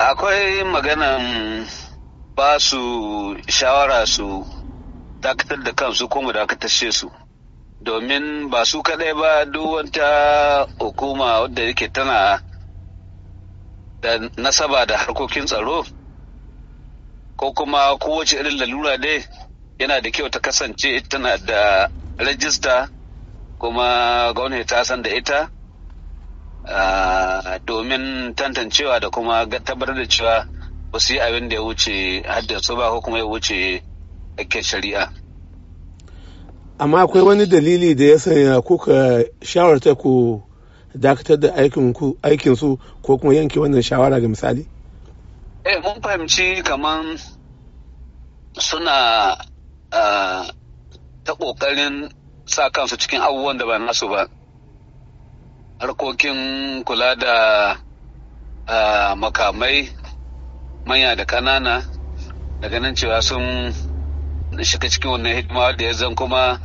akwai maganan ba su shawara su dakatar da kansu ko mu dakatar dakatashe su domin ba su kaɗai ba duk wata hukuma wadda yake tana da nasaba da harkokin tsaro ko kuma kowace irin lalura dai yana da kyau ta kasance tana da rajista kuma gwamnati ta san da ita ah, Ah, domin tantancewa da kuma tabbatar da cewa ba su yi abin da ya wuce haddasa ba ko kuma ya wuce ake shari'a. Amma akwai wani dalili da ya sanya kuka shawarta ku dakatar da aikin su ko kuma yanke wannan shawara ga misali? Eh mun fahimci kaman suna ah, ta kokarin sa kansu cikin abubuwan da ba nasu ba. harkokin kula da makamai manya da kanana daga nan cewa sun shiga cikin wannan hidima da ya zan kuma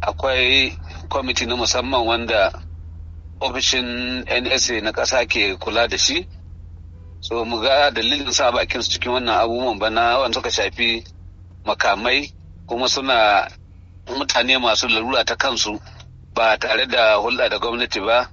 akwai kwamiti na musamman wanda ofishin nsa na ƙasa ke kula da shi so mu ga dalilin sa bakin su cikin wannan abubuwan bana wanda suka shafi makamai kuma suna mutane masu larura ta kansu ba tare da hulɗa da gwamnati ba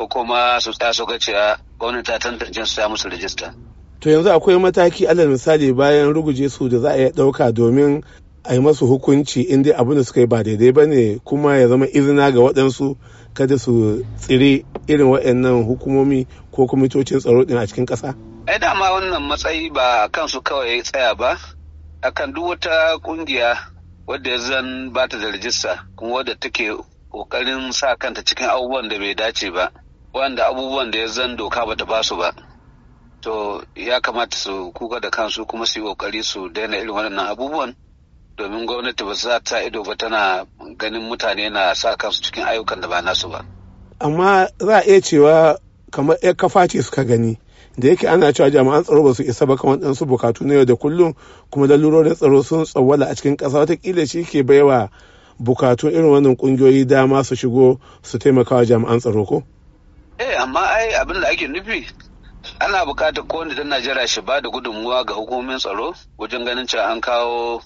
ko kuma su taso kace cewa gwamnati ta tantance su ta musu rajista. To yanzu akwai mataki alal misali bayan ruguje su da za a iya ɗauka domin a yi masu hukunci in dai abin da suka yi ba daidai ba ne kuma ya zama izina ga waɗansu kada su tsire irin waɗannan hukumomi ko kwamitocin tsaro ɗin a cikin ƙasa? Ai dama wannan matsayi ba kansu kawai ya tsaya ba, akan duk wata ƙungiya wadda zan ba ta da rajista kuma wadda take ƙoƙarin sa kanta cikin abubuwan da bai dace ba. wanda abubuwan da ya zan doka bata ba su ba to ya kamata su kuka da kansu kuma su yi kokari su daina irin waɗannan abubuwan domin gwamnati ba za ta ido ba tana ganin mutane na sa kansu cikin ayyukan da ba nasu ba amma za a iya cewa kamar ya kafa ce suka gani da yake ana cewa jami'an tsaro ba su isa ba kamar ɗansu bukatu na yau da kullum kuma lalurorin tsaro sun tsawwala a cikin ƙasa watakila shi ke baiwa bukatu irin wannan ƙungiyoyi dama su shigo su taimaka wa jami'an tsaro ko? eh amma ai abin da ake nufi ana bukatar kowane dan najeriya shi ba da gudunmuwa ga hukumomin tsaro wajen ganin cewa an kawo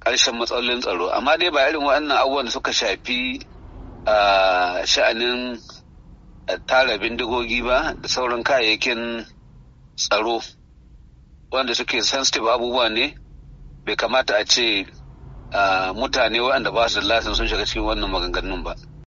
ƙarshen matsalolin tsaro amma dai ba irin waɗannan abubuwan da suka shafi sha'anin tara bindigogi ba da sauran kayayyakin tsaro wanda suke sensitive abubuwa ne bai kamata a ce mutane waɗanda ba su da lasin sun shiga cikin wannan maganganun ba.